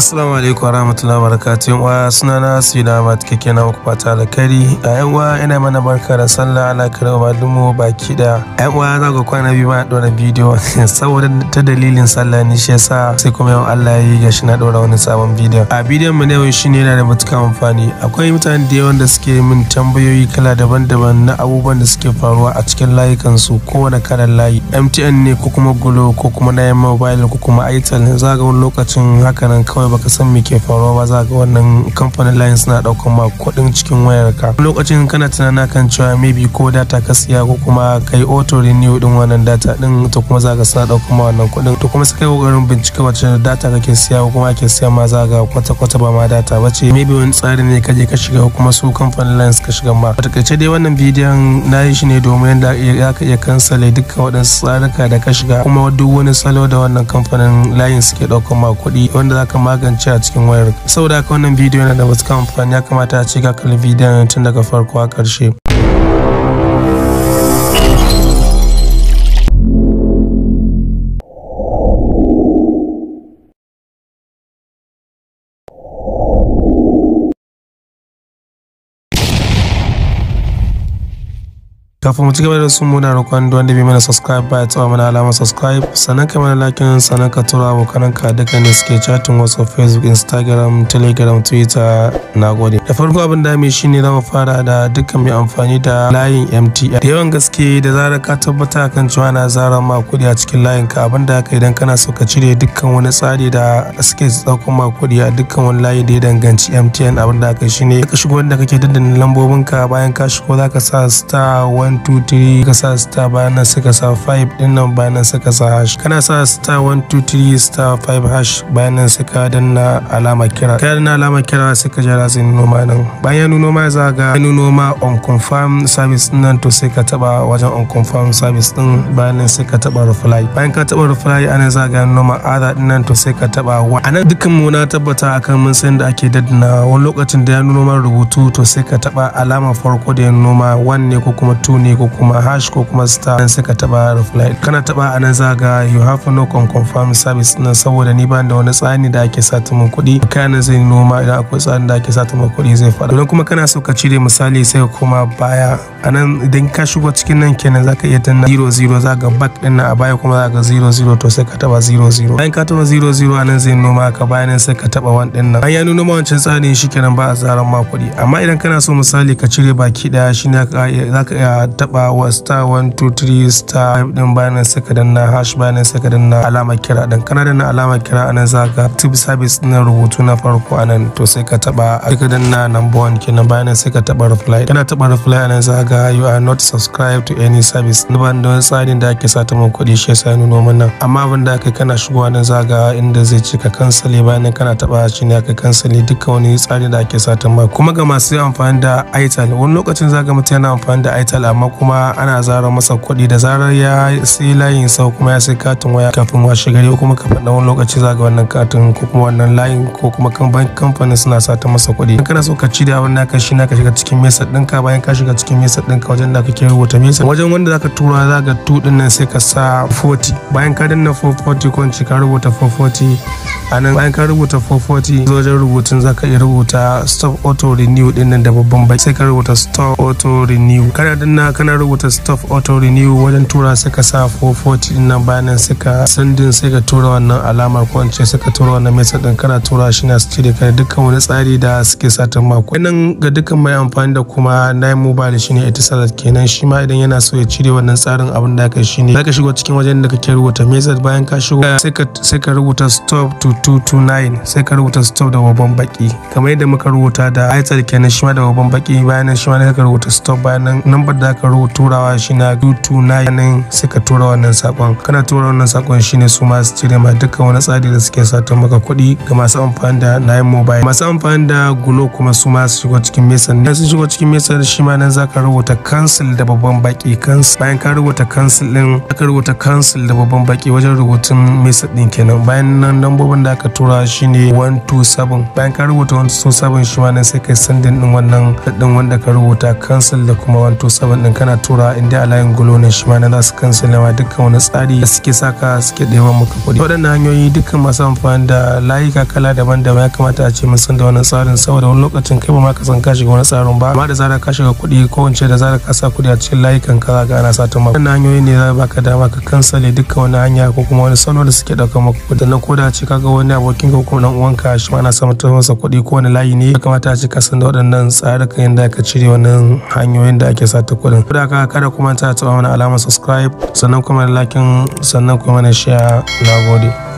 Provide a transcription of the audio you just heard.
Assalamu alaikum warahmatullahi wabarakatuh wa sunana Sina Ahmad kake na ku fata alkhairi a yan uwa ina mana barka da sallah ala kare malumu baki da yan uwa za ku kwana biyu ma dora bidiyo saboda ta dalilin sallah ni shi yasa sai kuma yau Allah ya yi gashi na dora wani sabon bidiyo a bidiyon mu na yau ne yana da matuka amfani akwai mutane da yawa da suke min tambayoyi kala daban-daban na abubuwan da suke faruwa a cikin layukan su kowane kalan layi MTN ne ko kuma Glo ko kuma na mobile ko kuma Itel za wani lokacin haka nan kawai baka san me ke faruwa ba za ga wannan kamfanin layin suna daukan ma kuɗin cikin wayar ka lokacin kana tunanin kan cewa maybe ko data ka siya ko kuma kai auto renew din wannan data din to kuma za ka sa daukan ma wannan kuɗin to kuma sai kokarin bincika wace data kake siya ko kuma ke siya ma za ga kwata kwata ba ma data ba ce maybe wani tsari ne ka ka shiga ko kuma su kamfanin layin ka shiga ma a takaice dai wannan bidiyon na yi shi ne domin yadda ka iya kansale duka waɗansu ka da ka shiga kuma duk wani salo da wannan kamfanin layin suke daukan ma kuɗi wanda za ka magance a cikin wayar saboda haka wannan bidiyo yana da wasu amfani ya kamata a ce ka kalli bidiyon tun daga farko a karshe. kafin mu ci gaba da su muna roƙon duk wanda bai mana subscribe ba ya taba mana alamar subscribe sannan ka mana like sannan ka tura abokanan ka duka ne suke chatting whatsapp facebook instagram telegram twitter na gode da farko abin da mai shine za mu fara da dukkan mai amfani da layin mtn da yawan gaske da zarar ka tabbata kan cewa na zara ma kuɗi a cikin layin ka abin da haka idan kana so ka cire dukkan wani tsari da suke ɗaukan ma kuɗi a dukkan wani layi da ya danganci mtn abin da haka shine ka shigo wanda kake dandan lambobin ka bayan ka shigo za ka sa star 123 ka sa star bayan nan suka sa 5 din nan bayan nan suka sa hash kana sa star 123 star 5 hash bayan nan suka danna alama kira ka danna alama kira suka jira sai nuno ma nan bayan ya nuno ma za ga nuno ma on confirm service nan to sai ka taba wajen on confirm service din bayan nan sai ka taba reply bayan ka taba reply ana za ga nuno ma ada din nan to sai ka taba wa anan dukkan mu na tabbata akan mun san da ake daddana wani lokacin da ya nuno ma rubutu to sai ka taba alama farko da ya nuno ma 1 ne ko kuma 2 ne ko kuma hash ko kuma star nan sai ka taba reply kana taba a nan zaga you have no confirm service nan saboda ni ban da wani tsani da ake sata min kuɗi kana zai noma idan akwai tsani. da ake sata min kuɗi zai fara. don kuma kana so ka cire misali sai kuma baya a nan idan ka shigo cikin nan kenan zaka iya tana 00 zaga back din nan a baya kuma zaga 00 to sai ka taba 00 bayan ka taba 00 a nan zai noma ka bayan sai ka taba wan din nan an ya nuna ma wancan tsarin shikenan ba a zaran ma kuɗi amma idan kana so misali ka cire baki daya shine zaka iya taba wa star two three star 5 din bayanan saka na hash bayanin saka na. alama kira ɗin kana danna alama kira anan zaka tip service na rubutu na farko anan to sai ka taba saka na number one kenan bayanin. sai ka taba reply kana taba reply anan zaka you are not subscribed to any service na ban don tsarin da ake ta mun kuɗi shi yasa nuno nan. amma abin da aka kana shigowa nan zaga inda zai ci ka kansale bayanin kana taba shi ne aka kansale duka wani tsarin da ake ta ma kuma ga masu amfani da ital wani lokacin zaga mutum yana amfani da ital amma amma kuma ana zara masa kuɗi da zarar ya sai layin sau kuma ya sai katin waya kafin washe gari kuma kafin na wani lokaci za ga wannan katin ko kuma wannan layin ko kuma kamfanin suna sata masa kuɗi in kana so ka ci da abin naka shi naka shiga cikin mesa ɗinka bayan ka shiga cikin mesa ɗinka wajen da kake rubuta mesa wajen wanda zaka tura za ga tu ɗin nan sai ka sa 40 bayan ka danna 440 ko ka rubuta 440 anan bayan ka rubuta 440 wajen rubutun za ka iya rubuta stop auto renew ɗin nan da babban bai sai ka rubuta stop auto renew kana danna kana rubuta stuff auto renew wajen tura suka sa 440 din nan bayan suka sandin ka tura wannan alamar ko ce suka tura wannan mai sadin kana tura shi na su da kai dukkan wani tsari da suke satan mako nan ga dukkan mai amfani da kuma nine mobile shine etisalat kenan shi ma idan yana so ya cire wannan tsarin abin da aka shine zaka shigo cikin wajen da kake rubuta method bayan ka shigo eh, sai ka rubuta stop to 229 sai ka rubuta stop da babban baki kamar yadda muka rubuta da aitsar kenan shi ma da babban baki bayan shi ma ka rubuta stop bayan nan number da zaka ro turawa shi na dutu na yanin suka tura wannan sakon kana tura wannan sakon shine su ma su cire ma dukkan wani tsari da suke satar maka kuɗi ga masu amfani da nayin mobile masu amfani da gulo kuma su ma su shigo cikin mesan ne sun shigo cikin mesan shi ma nan zaka rubuta cancel da babban baki cancel bayan ka rubuta cancel din zaka rubuta cancel da babban baki wajen rubutun mesan din kenan bayan nan lambobin da aka tura shine 127 bayan ka rubuta 127 shi ma nan sai kai sandin din wannan din wanda ka rubuta cancel da kuma 127 din kana tura in dai a layin gulo ne shi ma na za kansu kansalawa dukkan wani tsari da suke saka suke ɗeban maka kuɗi waɗannan hanyoyi dukkan masu amfani da layuka kala daban-daban ya kamata a ce mun san da wani tsarin saboda wani lokacin kai ba ma ka san ka shiga wani tsarin ba amma da zara ka shiga kuɗi ko in ce da zara ka sa kuɗi a cikin layukan ka za ka ana satan maka wannan hanyoyi ne za ba ka dama ka kansale dukkan wani hanya ko kuma wani sanar da suke ɗaukar maka kuɗi na koda ce ga wani abokin ka ko ɗan uwanka shi ma ana mutum masa kuɗi ko wani layi ne ya kamata a ce ka san da waɗannan tsarukan yadda ka cire wannan hanyoyin da ake ta kuɗi kuɗin da ka kada kuma ta taɓa mana alamar subscribe sannan kuma da lakin sannan kuma na share na gode